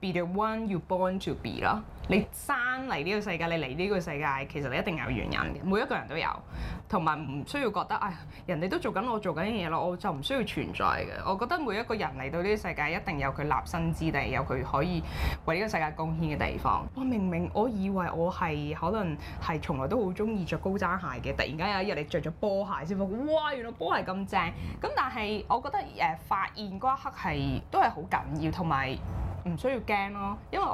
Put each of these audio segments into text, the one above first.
Be the one you born to be 咯。你生嚟呢個世界，你嚟呢個世界，其實你一定有原因嘅。每一個人都有，同埋唔需要覺得，唉，人哋都做緊，我做緊嘅嘢咯，我就唔需要存在嘅。我覺得每一個人嚟到呢個世界，一定有佢立身之地，有佢可以為呢個世界貢獻嘅地方。我明明我以為我係可能係從來都好中意着高踭鞋嘅，突然間有一日你着咗波鞋先覺得，哇！原來波鞋咁正咁，但係我覺得誒、呃、發現嗰一刻係都係好緊要，同埋，唔需要驚咯，因為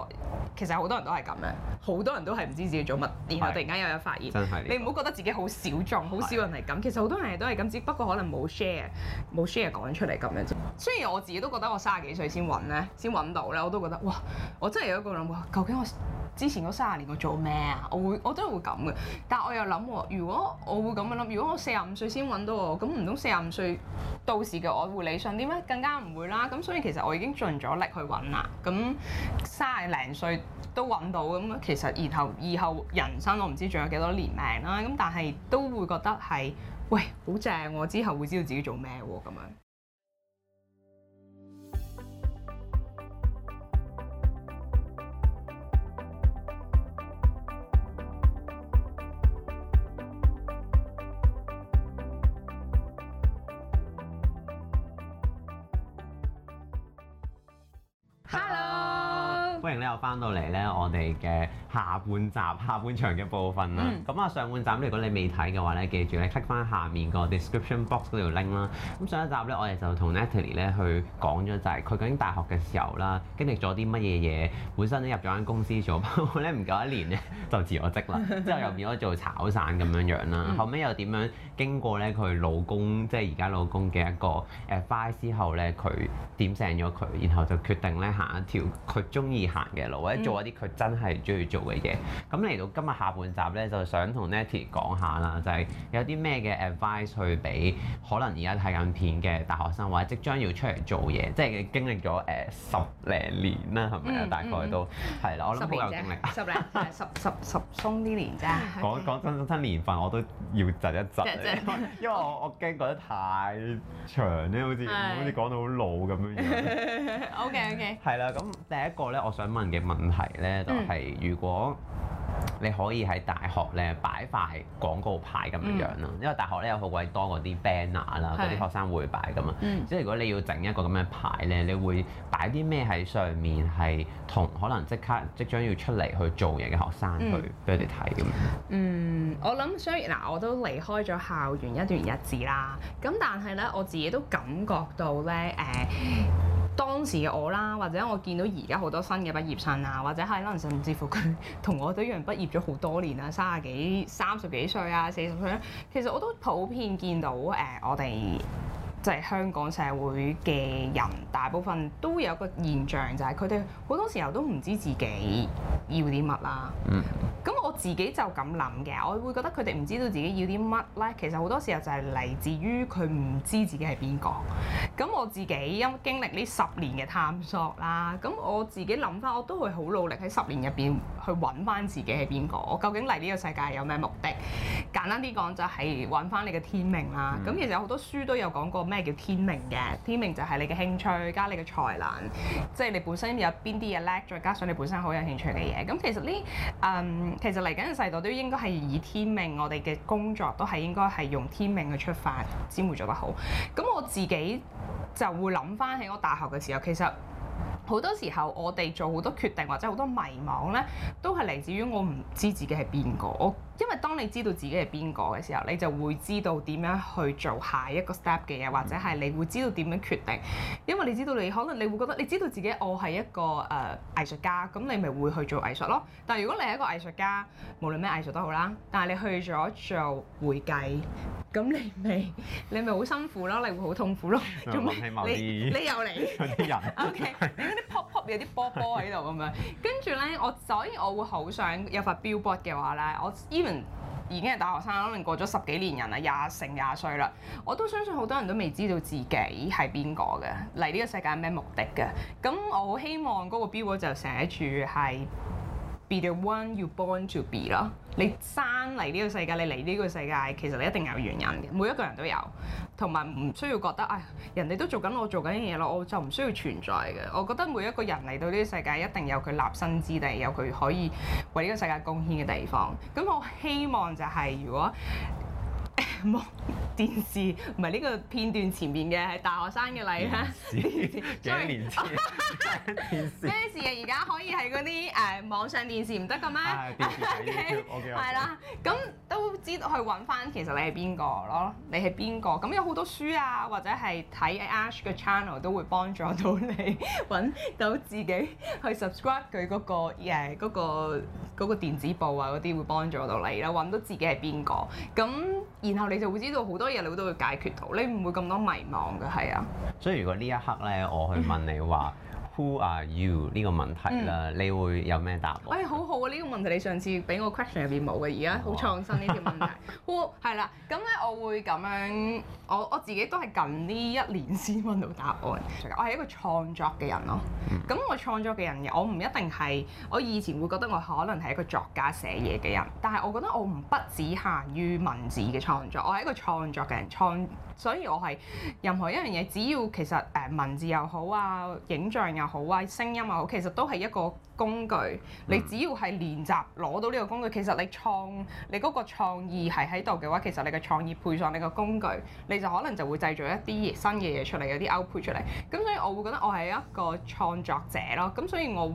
其實好多人都係咁樣，好多人都係唔知自己做乜。是然後突然間又有發現，這你唔好覺得自己好小眾，好少人係咁。是的 其實好多人都係咁，只不過可能冇 share，冇 share 講出嚟咁樣啫。雖然我自己都覺得我三十幾歲先揾呢，先揾到呢，我都覺得哇，我真係有一個諗，究竟我之前嗰三十年我做咩啊？我會，我真係會咁嘅。但我又諗喎，如果我會咁樣諗，如果我四十五歲先揾到我，咁唔通四十五歲到時嘅我會理想啲咩？更加唔會啦。咁所以其實我已經盡咗力去揾啦。咁三廿零歲都揾到咁，其實然後以後人生我唔知仲有幾多年命啦，咁但係都會覺得係，喂，好正喎，之後會知道自己做咩喎咁樣。翻到嚟咧，我哋嘅下半集、下半場嘅部分啦。咁啊，上半集如果你未睇嘅話咧，記住咧，click 翻下面個 description box 度條 link 啦。咁上一集咧，我哋就同 Natalie 咧去講咗就係佢究竟大學嘅時候啦，經歷咗啲乜嘢嘢。本身咧入咗間公司做過咧，唔夠一年咧就辭咗職啦，之後又變咗做炒散咁樣樣啦。後尾又點樣經過咧？佢老公即係而家老公嘅一個誒 buy 之後咧，佢點醒咗佢，然後就決定咧行一條佢中意行嘅。或者做一啲佢真係中意做嘅嘢，咁嚟、嗯、到今日下半集咧，就想同 Natalie 講下啦，就係、是、有啲咩嘅 advice 去俾可能而家睇緊片嘅大學生，或者即將要出嚟做嘢，即、就、係、是、經歷咗誒、呃、十零年啦，係咪啊？嗯、大概都係啦、嗯，我諗十有經歷，十零十十十鬆啲年啫。講講真新年份，我都要窒一窒，抖一抖 因為我我驚過得太長咧，好似的好似講到好老咁樣。O K O K，係啦，咁第一個咧，我想問嘅問題咧，就係、是、如果你可以喺大學咧擺塊廣告牌咁嘅樣咯，嗯、因為大學咧有好鬼多嗰啲 banner 啦是，嗰啲學生會擺噶嘛。嗯、即係如果你要整一個咁樣嘅牌咧，你會擺啲咩喺上面？係同可能即刻即將要出嚟去做嘢嘅學生去俾佢哋睇咁樣啊。嗯，我諗雖然嗱，我都離開咗校園一段日子啦，咁但係咧，我自己都感覺到咧，誒、呃。當時我啦，或者我見到而家好多新嘅畢業生啊，或者係，甚至乎佢同我都一樣畢業咗好多年啦，三十幾、三十幾歲啊、四十歲，其實我都普遍見到誒、呃，我哋即係香港社會嘅人，大部分都有個現象就係佢哋好多時候都唔知自己要啲乜啦。嗯。咁。自己就咁諗嘅，我會覺得佢哋唔知道自己要啲乜咧。其實好多時候就係嚟自於佢唔知自己係邊個。咁我自己因經歷呢十年嘅探索啦，咁我自己諗翻我都會好努力喺十年入邊去揾翻自己係邊個。我究竟嚟呢個世界有咩目的？簡單啲講就係揾翻你嘅天命啦。咁其實有好多書都有講過咩叫天命嘅，天命就係你嘅興趣加你嘅才能，即係你本身有邊啲嘢叻，再加上你本身好有興趣嘅嘢。咁其實呢，嗯，其實。嚟緊嘅世代都應該係以天命，我哋嘅工作都係應該係用天命去出發，先會做得好。咁我自己就會諗翻起我大學嘅時候，其實好多時候我哋做好多決定或者好多迷惘呢，都係嚟自於我唔知自己係邊個。因為當你知道自己係邊個嘅時候，你就會知道點樣去做下一個 step 嘅嘢，或者係你會知道點樣決定。因為你知道你可能你會覺得你知道自己我係一個誒藝術家，咁你咪會去做藝術咯。但係如果你係一個藝術家，無論咩藝術都好啦，但係你去咗做會計，咁你咪你咪好辛苦咯，你會好痛苦咯，做咩？你又嚟？啲人 okay。 O.K. 你啲 pop pop 有啲波波喺度咁樣， 跟住咧我所以我會好想有份 billboard 嘅話咧，我已經係大學生，可能過咗十幾年人啦，廿成廿歲啦。我都相信好多人都未知道自己係邊個嘅，嚟呢個世界咩目的嘅。咁我好希望嗰個標就寫住係 Be the one you born to be 咯。你生嚟呢個世界，你嚟呢個世界，其實你一定有原因嘅。每一個人都有，同埋唔需要覺得，哎，人哋都做緊，我做緊嘅嘢咯，我就唔需要存在嘅。我覺得每一個人嚟到呢個世界，一定有佢立身之地，有佢可以為呢個世界貢獻嘅地方。咁我希望就係，如果電視唔係呢個片段前面嘅係大學生嘅例啦，幾年前電視？咩事呀？而家可以係嗰啲誒網上電視唔得噶咩？係啦，咁 都知道去揾翻其實你係邊個咯。你係邊個？咁有好多書啊，或者係睇 Ash 嘅 channel 都會幫助到你揾到自己去 subscribe 佢嗰個誒嗰個，呃，嗰個嗰個電子報啊嗰啲會幫助到你啦，揾到自己係邊個，咁然後你就會知道好多嘢，你都會解決到，你唔會咁多迷茫嘅係啊。 所以如果呢一刻咧，我去問你話， Who are you 呢個問題啦？嗯、你會有咩答案？誒、哎、好好啊！呢、呢個問題你上次俾我 question 入邊冇嘅，而家好創新呢條、哦啊、問題。好係啦，咁咧我會咁樣，我我自己都係近呢一年先問到答案。我係一個創作嘅人咯。咁我創作嘅人，我唔一定係我以前會覺得我可能係一個作家寫嘢嘅人，但係我覺得我唔不止限於文字嘅創作。我係一個創作嘅人創，所以我係任何一樣嘢，只要其實誒文字又好啊，影像又好。聲好啊，聲音啊，其實都係一個工具。你只要係練習攞到呢個工具，其實你創你嗰個創意係喺度嘅話，其實你嘅創意配上你個工具，你就可能就會製造一啲新嘅嘢出嚟，有啲 output 出嚟。咁所以我會覺得我係一個創作者咯。咁所以我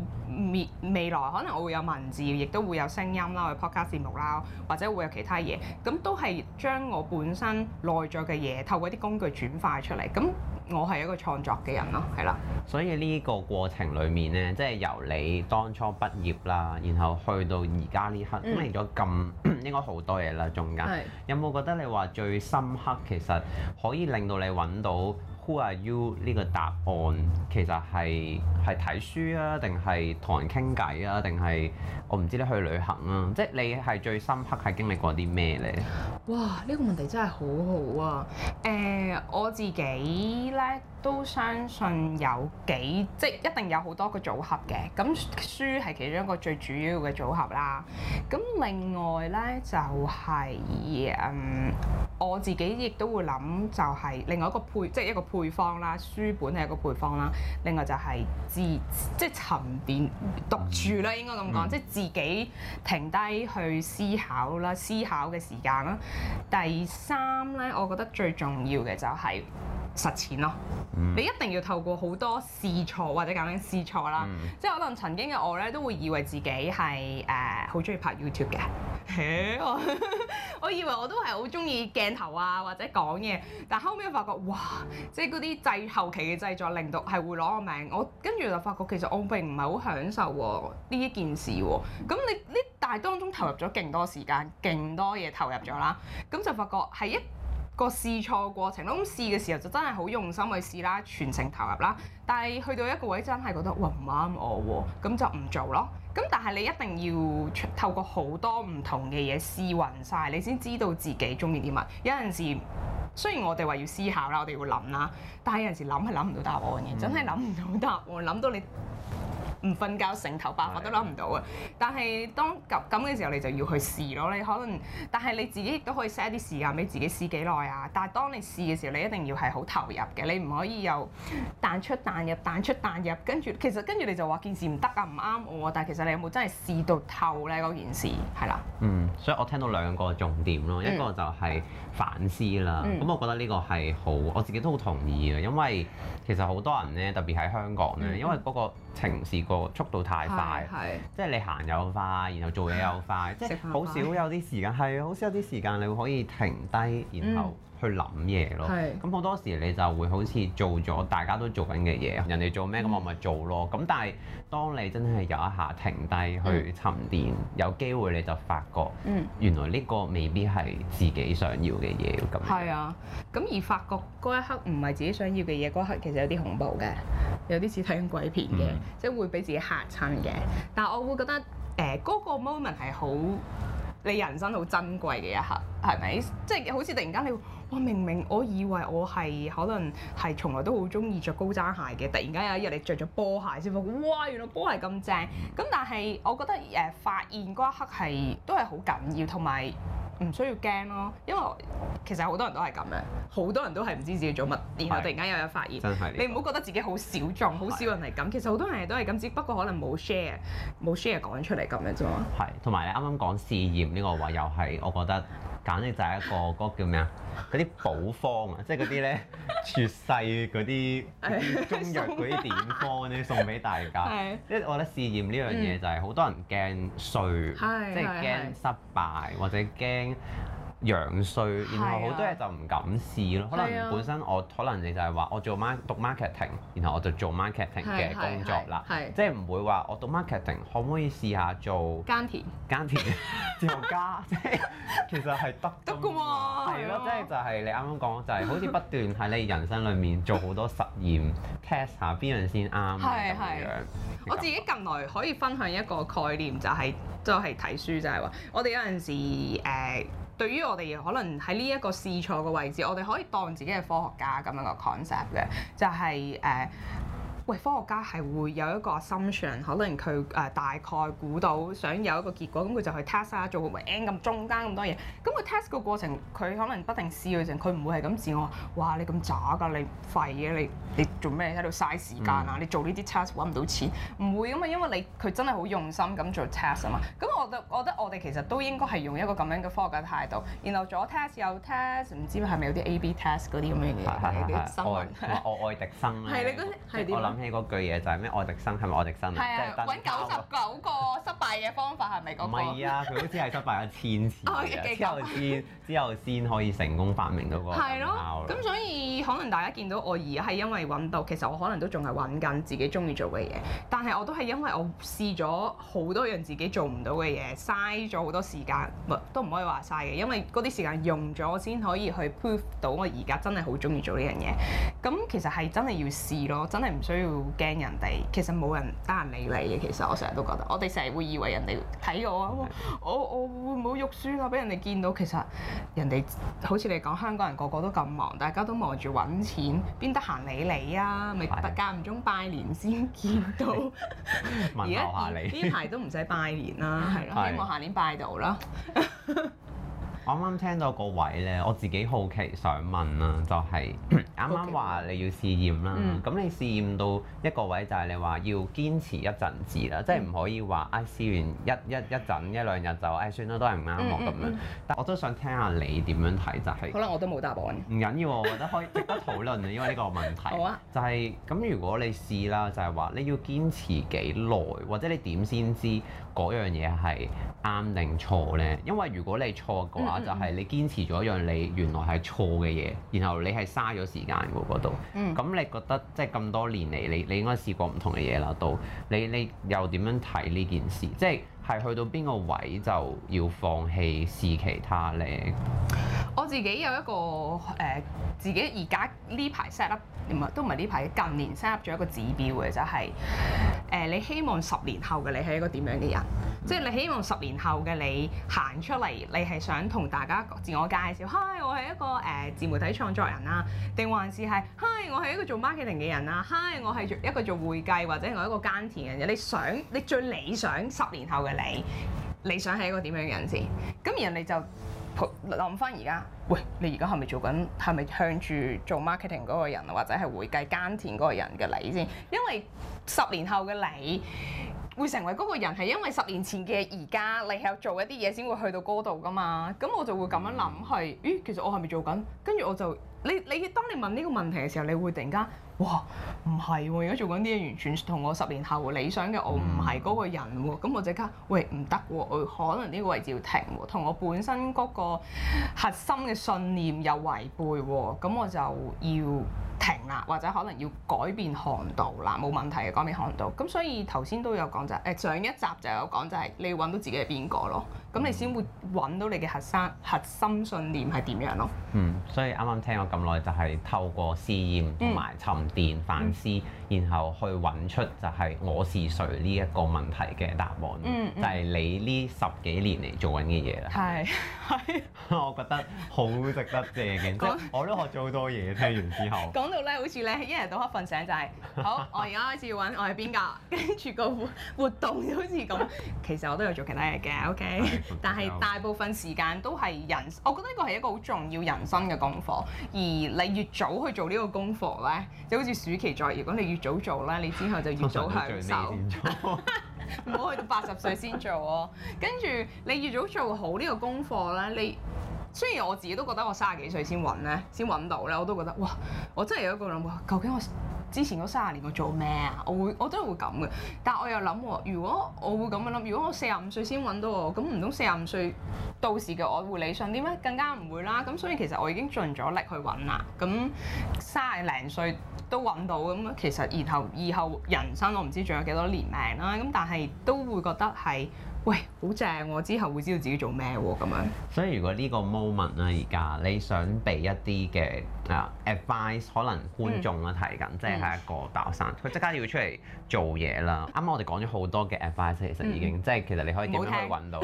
未未來可能我會有文字，亦都會有聲音啦，有 Podcast 節目啦，或者會有其他嘢。咁都係將我本身內在嘅嘢透過啲工具轉化出嚟。咁。我係一個創作嘅人咯，係啦。所以呢個過程裡面呢，即係由你當初畢業啦，然後去到而家呢刻嚟咗咁，應該好多嘢啦。中間有冇覺得你話，最深刻，其實可以令到你揾到？Who are you？呢個答案其實係係睇書啊，定係同人傾偈啊，定係我唔知咧去旅行啊。即係你係最深刻係經歷過啲咩咧？哇！呢、這個問題真係好好啊。誒、呃，我自己咧都相信有幾即係一定有好多個組合嘅。咁書係其中一個最主要嘅組合啦。咁另外咧就係、是、誒、嗯、我自己亦都會諗，就係另外一個配，即係一個。配方啦，書本係一個配方啦。另外就係自即係沉澱獨處啦，應該咁講，mm. 即係自己停低去思考啦，思考嘅時間啦。第三咧，我覺得最重要嘅就係實踐咯。Mm. 你一定要透過好多試錯或者咁樣試錯啦。Mm. 即係可能曾經嘅我咧，都會以為自己係誒好中意拍 YouTube 嘅。Mm. 我以為我都係好中意鏡頭啊，或者講嘢，但後尾發覺哇！嘩即啲製後期嘅製作，令到係會攞個名。我跟住就發覺其實我並唔係好享受喎呢一件事喎。咁你呢但係當中投入咗勁多時間、勁多嘢投入咗啦。咁就發覺係一個試錯過程咯。咁試嘅時候就真係好用心去試啦，全程投入啦。但係去到一個位真係覺得哇唔啱我喎，咁就唔做咯。咁但係你一定要透過好多唔同嘅嘢試勻晒，你先知道自己中意啲乜。有陣時雖然我哋話要思考啦，我哋要諗啦，但係有陣時諗係諗唔到答案嘅，真係諗唔到答案，諗、嗯、到，到你，唔瞓覺，成頭白髮都諗唔到啊！但係當咁咁嘅時候，你就要去試咯。你可能，但係你自己亦都可以 set 啲時間俾自己試幾耐啊。但係當你試嘅時候，你一定要係好投入嘅，你唔可以又彈出彈入，彈出彈入，跟住其實跟住你就話件事唔得啊，唔啱我。但係其實你有冇真係試到透呢嗰件事係啦，嗯，所以我聽到兩個重點咯，嗯、一個就係反思啦。咁、嗯嗯、我覺得呢個係好，我自己都好同意嘅，因為其實好多人呢，特別喺香港呢，嗯、因為嗰、嗰個。程式過速度太快，即係你行又快，然後做嘢又快，即係好少有啲時間係，好少有啲時間你會可以停低，然後，嗯去諗嘢咯，咁好是多時你就會好似做咗大家都做緊嘅嘢，人哋做咩咁我咪做咯。咁、嗯、但係當你真係有一下停低去沉澱，嗯、有機會你就發覺，原來呢個未必係自己想要嘅嘢咁。係、嗯、樣啊，咁而發覺嗰一刻唔係自己想要嘅嘢，嗰刻其實有啲恐怖嘅，有啲似睇緊鬼片嘅，嗯、即係會俾自己嚇親嘅。但係我會覺得誒嗰、呃嗰個 moment 係好。你人生好珍貴嘅一刻，係咪？即係好似突然間你會，哇！明明我以為我係可能係從來都好中意着高踭鞋嘅，突然間有一日你着咗波鞋先，哇！原來波鞋咁正。咁但係我覺得誒發現嗰一刻係都係好緊要，同埋，唔需要驚咯，因為其實好多人都係咁嘅，好多人都係唔知自己做乜，是然後突然間又有發現。真係。你唔好覺得自己好小眾，好少人係咁。是的 其實好多人都係咁，只不過可能冇 share 冇 share 講出嚟咁樣啫嘛。係，同埋你啱啱講試驗呢個話，又係我覺得。簡直就係一個嗰、嗰個叫咩啊？嗰啲補方啊，即係嗰啲咧絕世嗰啲中藥嗰啲點方咧， 送俾大家。即係 是我覺得試驗呢樣嘢就係好多人驚衰，即係驚失敗或者驚。樣衰，然後好多嘢就唔敢試咯。可能本身我可能你就係話，我做 marketing，然後我就做 marketing 嘅工作啦。係即係唔會話我讀 marketing 可唔可以試下做耕田？耕田，漁家，即係其實係得得㗎喎。係咯，即係就係你啱啱講，就係好似不斷喺你人生裡面做好多實驗 test 下邊樣先啱咁樣。我自己近來可以分享一個概念，就係就係睇書就係話，我哋有陣時誒。對於我哋可能喺呢一個試錯嘅位置，我哋可以當自己係科學家咁樣嘅 concept 嘅，就係、是、誒。Uh 喂，科學家係會有一個 assumption，可能佢誒大概估到想有一個結果，咁佢就去 test 下做 N 咁中間咁多嘢。咁佢 test 個過程，佢可能不停試佢成，佢唔會係咁自我話，哇，你咁渣㗎，你廢嘅，你你做咩喺度嘥時間啊？你做呢啲 test 揾唔到錢，唔會咁啊，因為你佢真係好用心咁做 test 啊嘛。咁我覺得我哋其實都應該係用一個咁樣嘅科學家態度，然後左 test 右 test，唔知係咪有啲 A B test 嗰啲咁樣嘢嘅啲新嘅？愛迪生啦。你啲係諗起嗰句嘢就係咩，愛迪生，係咪愛迪生？係啊，揾九十九個失敗嘅方法係咪嗰個？唔係啊，佢好似係失敗咗千次， 之後先 之後先可以成功發明到個燈泡。咁、啊、所以可能大家見到我而家係因為揾到，其實我可能都仲係揾緊自己中意做嘅嘢。但係我都係因為我試咗好多樣自己做唔到嘅嘢，嘥咗好多時間，都唔可以話嘥嘅，因為嗰啲時間用咗，我先可以去 prove 到我而家真係好中意做呢樣嘢。咁其實係真係要試咯，真係唔需要要驚人哋，其實冇人得閒理你嘅。其實我成日都覺得，我哋成日會以為人哋睇我，是的 我，我我會唔好肉酸啦，俾人哋見到。其實人哋好似你講，香港人個個都咁忙，大家都忙住揾錢，邊得閒理你啊？咪間唔中拜年先見到。而家的 在問候下你。呢排都唔使拜年啦，係咯？的希望下年拜到啦。 我啱啱聽到個位咧，我自己好奇想問啊，就係啱啱話你要試驗啦，咁 Okay. 你試驗到一個位就係你話要堅持一陣子啦，即係唔可以話啊試完一一一陣一兩日就誒、哎、算啦都係唔啱我咁樣，嗯嗯嗯，但我都想聽下你點樣睇就係、是。好啦，我都冇答案。唔緊要，我覺得可以值得討論啊，因為呢個問題。 好啊。就係、是、咁，如果你試啦，就係、是、話你要堅持幾耐，或者你點先知？嗰樣嘢係啱定錯呢？因為如果你錯嘅話，嗯、就係你堅持咗一樣你原來係錯嘅嘢，然後你係嘥咗時間喎嗰度。咁、嗯、你覺得即係咁多年嚟，你你應該試過唔同嘅嘢啦，到你你又點樣睇呢件事？即、就、係、係、去到邊個位就要放棄試其他呢？我自己有一個誒、呃，自己而家呢排 set up 唔係都唔係呢排近年 set up 咗一個指標嘅，就係、係。誒，你希望十年後嘅你係一個點樣嘅人？即係你希望十年後嘅你行出嚟，你係想同大家自我介紹？Hi，我係一個誒、呃、自媒體創作人啊，定還是係 Hi，我係一個做 marketing 嘅人啊？Hi，我係做一個做會計或者係我一個耕田嘅人、啊、你想你最理想十年後嘅你，你想係一個點樣嘅人先？咁人哋就諗翻而家。喂，你而家係咪做緊，係咪向住做 marketing 嗰個人，或者係會計耕田嗰個人嘅你先？因為十年後嘅你會成為嗰個人，係因為十年前嘅而家你系度做一啲嘢先會去到嗰度噶嘛？咁我就會咁樣諗，係咦、欸，其實我係咪做緊？跟住我就你你當你問呢個問題嘅時候，你會突然間哇唔係喎，而家，啊、做緊啲嘢，完全同我十年後理想嘅我唔係嗰個人咁，啊、我即刻喂，唔得，我可能呢個位置要停同，啊、我本身嗰個核心嘅。信念有違背喎，咁我就要停啦，或者可能要改變航道啦，冇問題嘅改變航道。咁所以頭先都有講就係，誒、呃、上一集就有講就係你要揾到自己係邊個咯。咁你先會揾到你嘅核心核心信念係點樣咯？嗯，所以啱啱聽咗咁耐就係、是、透過試驗同埋沉澱反、嗯、思，然後去揾出就係我是誰呢一個問題嘅答案。嗯，嗯，就係你呢十幾年嚟做緊嘅嘢啦。係係是， 我覺得好值得借嘅，我說我都學咗好多嘢。聽完之後，講到咧好似咧，一日到黑瞓醒就係、是、好，我而家開始要揾我係邊個，跟住個活動好似咁。其實我都有做其他嘢嘅，OK。但係大部分時間都係人，我覺得呢個係一個好重要人生嘅功課。而你越早去做呢個功課呢，就好似暑期作業，如果你越早做呢，你之後就越早享受。八十歲唔好去到八十歲先做哦。跟住 你越早做好呢個功課呢，你雖然我自己都覺得我三十幾歲先揾呢，先揾到呢，我都覺得哇，我真係有一個諗法，究竟我。之前嗰三十年我做咩啊？我會，我真係會咁嘅。但係我又諗喎，如果我會咁樣諗，如果我四十五歲先揾到我，咁唔通四十五歲到時嘅我會理想啲咩？更加唔會啦。咁所以其實我已經盡咗力去揾啦。咁三廿零歲都揾到，咁其實然後以後人生我唔知仲有幾多年命啦。咁但係都會覺得係。喂，好正喎！之後會知道自己做咩喎？咁樣。所以如果呢個 moment 咧、啊，而家你想俾一啲嘅啊 advice，可能觀眾咧睇緊，嗯、即係係一個大學生，佢即、嗯、刻要出嚟。做嘢啦，啱啱我哋講咗好多嘅 advice，其實已經、嗯、即係其實你可以點樣去揾到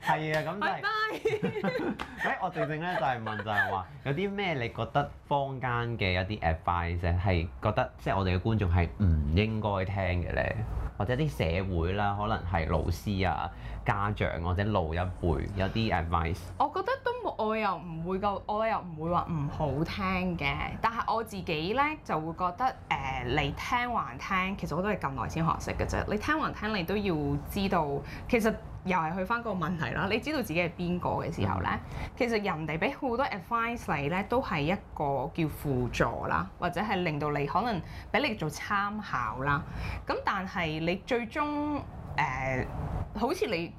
係啊，咁聽 就係、是、誒，我正正咧就係問就係、是、話有啲咩你覺得坊間嘅一啲 advice 係覺得即係、就是、我哋嘅觀眾係唔應該聽嘅咧，或者啲社會啦，可能係老師啊、家長或者老一輩有啲 advice，我覺得都。我又唔會個，我又唔會話唔好聽嘅。但係我自己咧就會覺得，誒、呃、你聽還聽，其實我都係咁耐先學識嘅啫。你聽還聽，你都要知道，其實又係去翻個問題啦。你知道自己係邊個嘅時候咧，其實人哋俾好多 advice 你咧，都係一個叫輔助啦，或者係令到你可能俾你做參考啦。咁但係你最終誒、呃，好似你。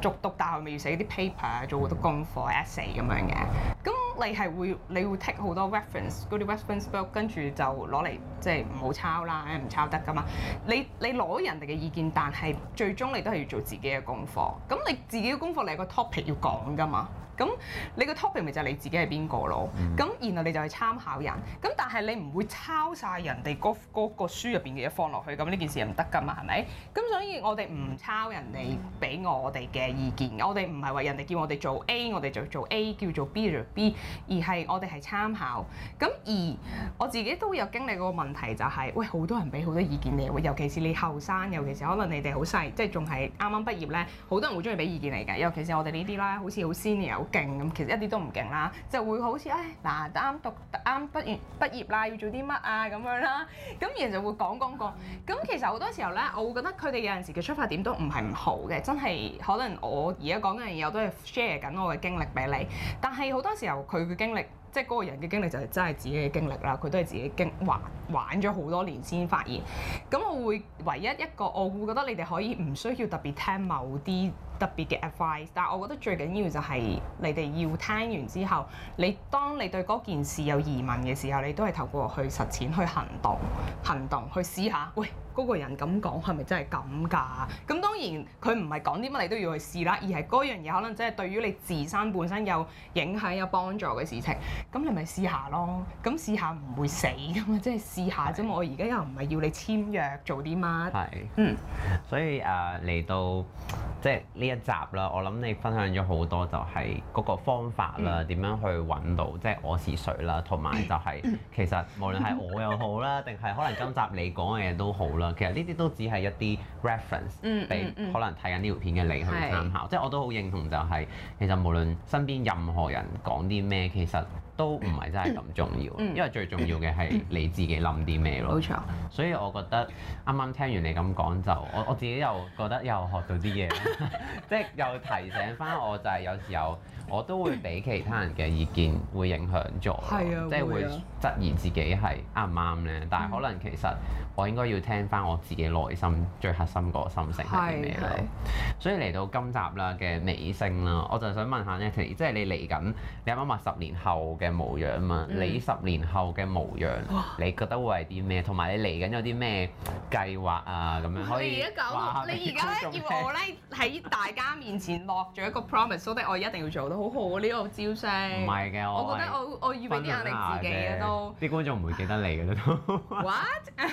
逐讀大學咪要寫啲 paper 做好多功課 essay 咁樣嘅。咁你係會，你會 take 好多 reference 嗰啲 reference book，跟住就攞嚟，即係唔好抄啦，唔抄得㗎嘛。你你攞人哋嘅意見，但係最終你都係要做自己嘅功課。咁你自己嘅功課，你有個 topic 要講㗎嘛？咁你個 topic 咪就係你自己係邊個咯？咁、mm hmm. 然後你就去參考人，咁但係你唔會抄晒人哋嗰嗰個書入邊嘅嘢放落去，咁呢件事唔得噶嘛？係咪？咁所以我哋唔抄人哋俾我哋嘅意見，我哋唔係話人哋叫我哋做 A，我哋就做，做 A，叫做 B 就 B，而係我哋係參考。咁而我自己都有經歷過個問題就係、是，喂，好多人俾好多意見你，尤其是你後生，尤其是可能你哋好細，即係仲係啱啱畢業咧，好多人會中意俾意見嚟㗎，尤其是我哋呢啲啦，好似好 senior。勁咁，其實一啲都唔勁啦，就會好似誒嗱，啱讀啱畢業畢業啦，要做啲乜啊咁樣啦，咁然後就會講講講，咁其實好多時候咧，我會覺得佢哋有陣時嘅出發點都唔係唔好嘅，真係可能我而家講緊嘢我都係 share 緊我嘅經歷俾你，但係好多時候佢嘅經歷。即係嗰個人嘅經歷就係真係自己嘅經歷啦，佢都係自己經玩玩咗好多年先發現。咁我會唯一一個，我會覺得你哋可以唔需要特別聽某啲特別嘅 advice，但係我覺得最緊要就係你哋要聽完之後，你當你對嗰件事有疑問嘅時候，你都係透過去實踐、去行動、行動、去試下，喂。嗰個人咁講係咪真係咁㗎？咁當然佢唔係講啲乜你都要去試啦，而係嗰樣嘢可能真係對於你自身本身有影響有幫助嘅事情，咁你咪試下咯。咁試下唔會死㗎嘛，即係試下啫嘛。是我而家又唔係要你簽約做啲乜。係是，嗯。所以誒嚟到。即係呢一集啦，我諗你分享咗好多，就係嗰個方法啦，點、嗯、樣去揾到即係、就是、我是誰啦，同埋就係、是嗯、其實無論係我又好啦，定係 可能今集你講嘅嘢都好啦，其實呢啲都只係一啲 reference 俾、嗯嗯、可能睇緊呢條片嘅你去參考。即係是我都好認同、就是，就係其實無論身邊任何人講啲咩，其實都唔係真係咁重要，嗯、因為最重要嘅係你自己諗啲咩咯。冇錯、嗯。嗯、所以我覺得啱啱聽完你咁講就，我我，我自己又覺得又學到啲嘢。 即係又提醒翻我，就係、是、有時候我都會俾其他人嘅意見會影響咗，啊、即係會質疑自己係啱唔啱咧。嗯、但係可能其實。我應該要聽翻我自己內心最核心個心聲係啲咩咯？所以嚟到今集啦嘅尾聲啦，我就想問下呢，即係你嚟緊，你啱啱話十年後嘅模樣嘛？你十年後嘅模樣，你覺得會係啲咩？同埋你嚟緊有啲咩計劃啊？咁樣可以。你而家講，你而家咧要我咧喺大家面前落咗一個 promise，我一定要做到好好呢個招生。唔係嘅，我覺得我我預備啲壓力自己嘅都。啲觀眾唔會記得你嘅都。What？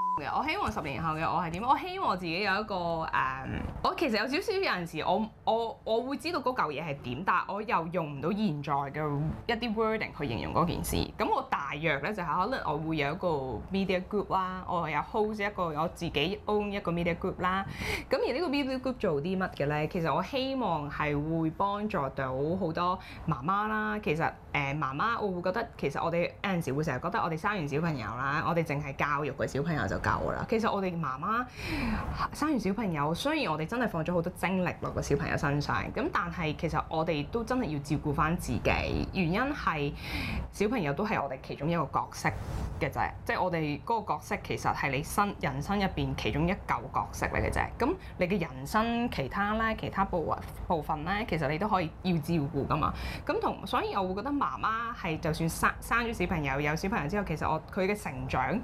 我希望十年後嘅我係點，我希望自己有一個誒、呃、我其實有少少有陣時我我我會知道舊嘢係點，但係我又用唔到現在嘅一啲 wording 去形容件事。咁我大約咧就係可能我會有一個 media group 啦，我係有 hold 一個我自己 own 一個 media group 啦。咁而呢個 media group 做啲乜嘅咧？其實我希望係會幫助到好多媽媽啦。其實誒媽媽，我會覺得其實我哋有陣時會成日覺得我哋生完小朋友啦，我哋淨係教育個小朋友就夠。其實我哋媽媽生完小朋友，雖然我哋真係放咗好多精力落個小朋友身上，咁但係其實我哋都真係要照顧翻自己，原因係小朋友都係我哋其中一個角色嘅啫，即係我哋嗰個角色其實係你生人生入邊其中一嚿角色嚟嘅啫。咁你嘅人生其他咧，其他部分部分咧，其實你都可以要照顧噶嘛。咁同所以我會覺得媽媽係就算生生咗小朋友，有小朋友之後，其實我佢嘅成長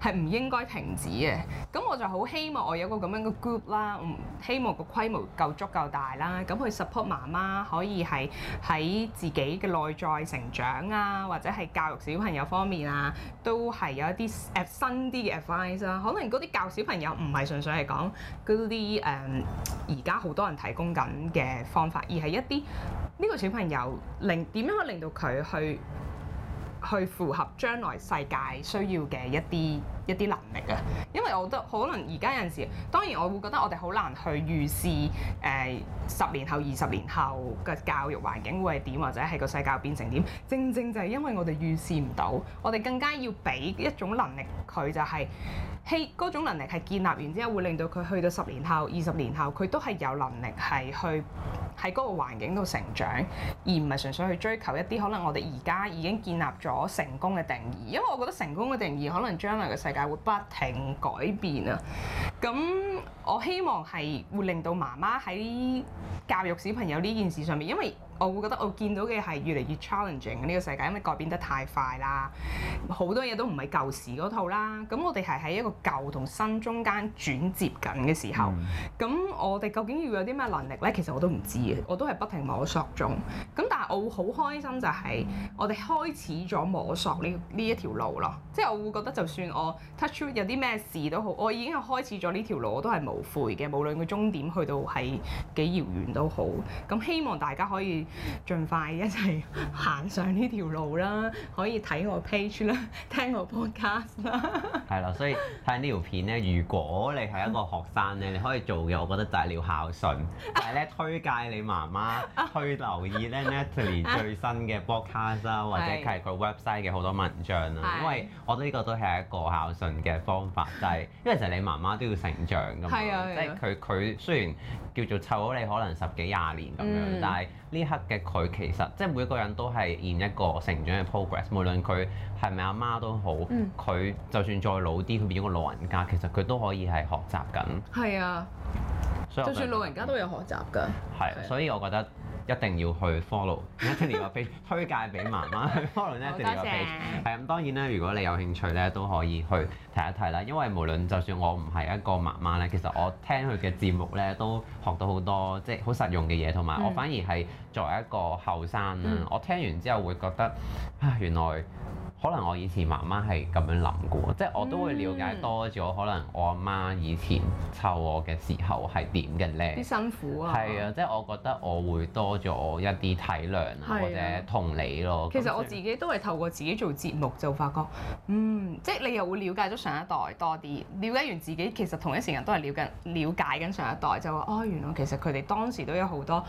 係唔應該停停止嘅。咁，我就好希望我有個咁樣嘅 group 啦。嗯，希望個規模夠足夠大啦。咁去 support 媽媽可以係喺自己嘅內在成長啊，或者係教育小朋友方面啊，都係有一啲誒新啲嘅 advice 啦。可能嗰啲教小朋友唔係純粹係講嗰啲誒，而家好多人提供緊嘅方法，而係一啲呢個小朋友令點樣去令到佢去去符合將來世界需要嘅一啲。一啲能力啊，因為我覺得可能而家有陣時，當然我會覺得我哋好難去預示誒十年後二十年後嘅教育環境會係點，或者係個世界變成點。正正就係因為我哋預示唔到，我哋更加要俾一種能力佢，就係希嗰種能力係建立完之後會令到佢去到十年後二十年後，佢都係有能力係去喺嗰個環境度成長，而唔係純粹去追求一啲可能我哋而家已經建立咗成功嘅定義，因為我覺得成功嘅定義可能將來嘅世界。會不停改變啊。咁我希望係會令到媽媽喺教育小朋友呢件事上面，因為我會覺得我見到嘅係越嚟越 challenging 嘅呢個世界，因為改變得太快啦，好多嘢都唔係舊時套啦。咁我哋係喺一個舊同新中間轉接緊嘅時候，咁、嗯、我哋究竟要有啲咩能力咧？其實我都唔知嘅，我都係不停摸索中。咁但係我會好開心就係我哋開始咗摸索呢呢一條路咯。即係我會覺得就算我 touch 有啲咩事都好，我已經係開始咗。我呢條路我都係無悔嘅，無論個終點去到係幾遙遠都好。咁希望大家可以盡快一齊行上呢條路啦，可以睇我 page 啦，聽我 podcast 啦。係啦，所以睇呢條片咧，如果你係一個學生咧，你可以做嘅，我覺得就係你要孝順，係咧 推介你媽媽去留意咧 Natalie 最新嘅 podcast 啦 的，或者佢係個 website 嘅好多文章啦，的因為我覺得呢個都係一個孝順嘅方法，就係、是，因為其實你媽媽都要。成長咁咯，即係佢佢雖然叫做湊咗你可能十幾廿年咁樣，嗯、但係呢刻嘅佢其實即係每個人都係現一個成長嘅 progress。無論佢係咪阿媽都好，佢、嗯、就算再老啲，佢變咗個老人家，其實佢都可以係學習緊。係啊。就，就算老人家都有學習㗎，係，所以我覺得一定要去 follow Natalie 推介俾媽媽 去 follow Natalie 係咁，當然咧，如果你有興趣咧，都可以去睇一睇啦。因為無論就算我唔係一個媽媽咧，其實我聽佢嘅節目咧，都學到好多即係好實用嘅嘢，同埋我反而係作為一個後生啦，我聽完之後會覺得啊，原來。可能我以前媽媽係咁樣諗嘅，即係我都會了解多咗。可能我阿媽以前湊我嘅時候係點嘅咧？啲辛苦啊！係啊吧，即係我覺得我會多咗一啲體諒啊，或者同理咯。其實我自己都係透過自己做節目就發覺，嗯，嗯，即係你又會了解咗上一代多啲。了解完自己，其實同一時間都係了解緊、瞭解緊上一代，就話哦，原來其實佢哋當時都有好多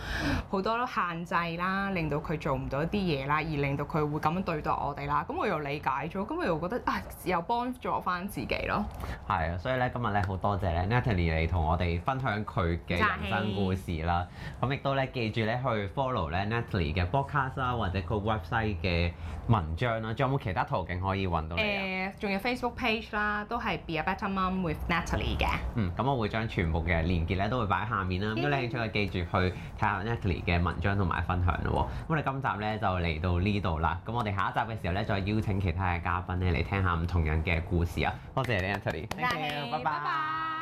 好多限制啦，令到佢做唔到一啲嘢啦，而令到佢會咁樣對待我哋啦。咁我又～理解咗，咁我又覺得啊，又幫助翻自己咯。係啊，所以咧今日咧好多謝咧 Natalie 嚟同我哋分享佢嘅人生故事啦。咁亦都咧記住咧去 follow 咧 Natalie 嘅 podcast 啦，或者佢 website 嘅文章啦。仲有冇其他途徑可以揾到咧？仲、呃、有 Facebook page 啦，都係 be a better mum with Natalie 嘅。嗯，咁我會將全部嘅連結咧都會擺下面啦。咁的你興趣記住去睇下 Natalie 嘅文章同埋分享咯。咁我哋今集咧就嚟到呢度啦。咁我哋下一集嘅時候咧再邀。請其他嘅嘉賓咧嚟聽下唔同人嘅故事啊！多謝 Anthony，多謝你，拜拜，拜拜。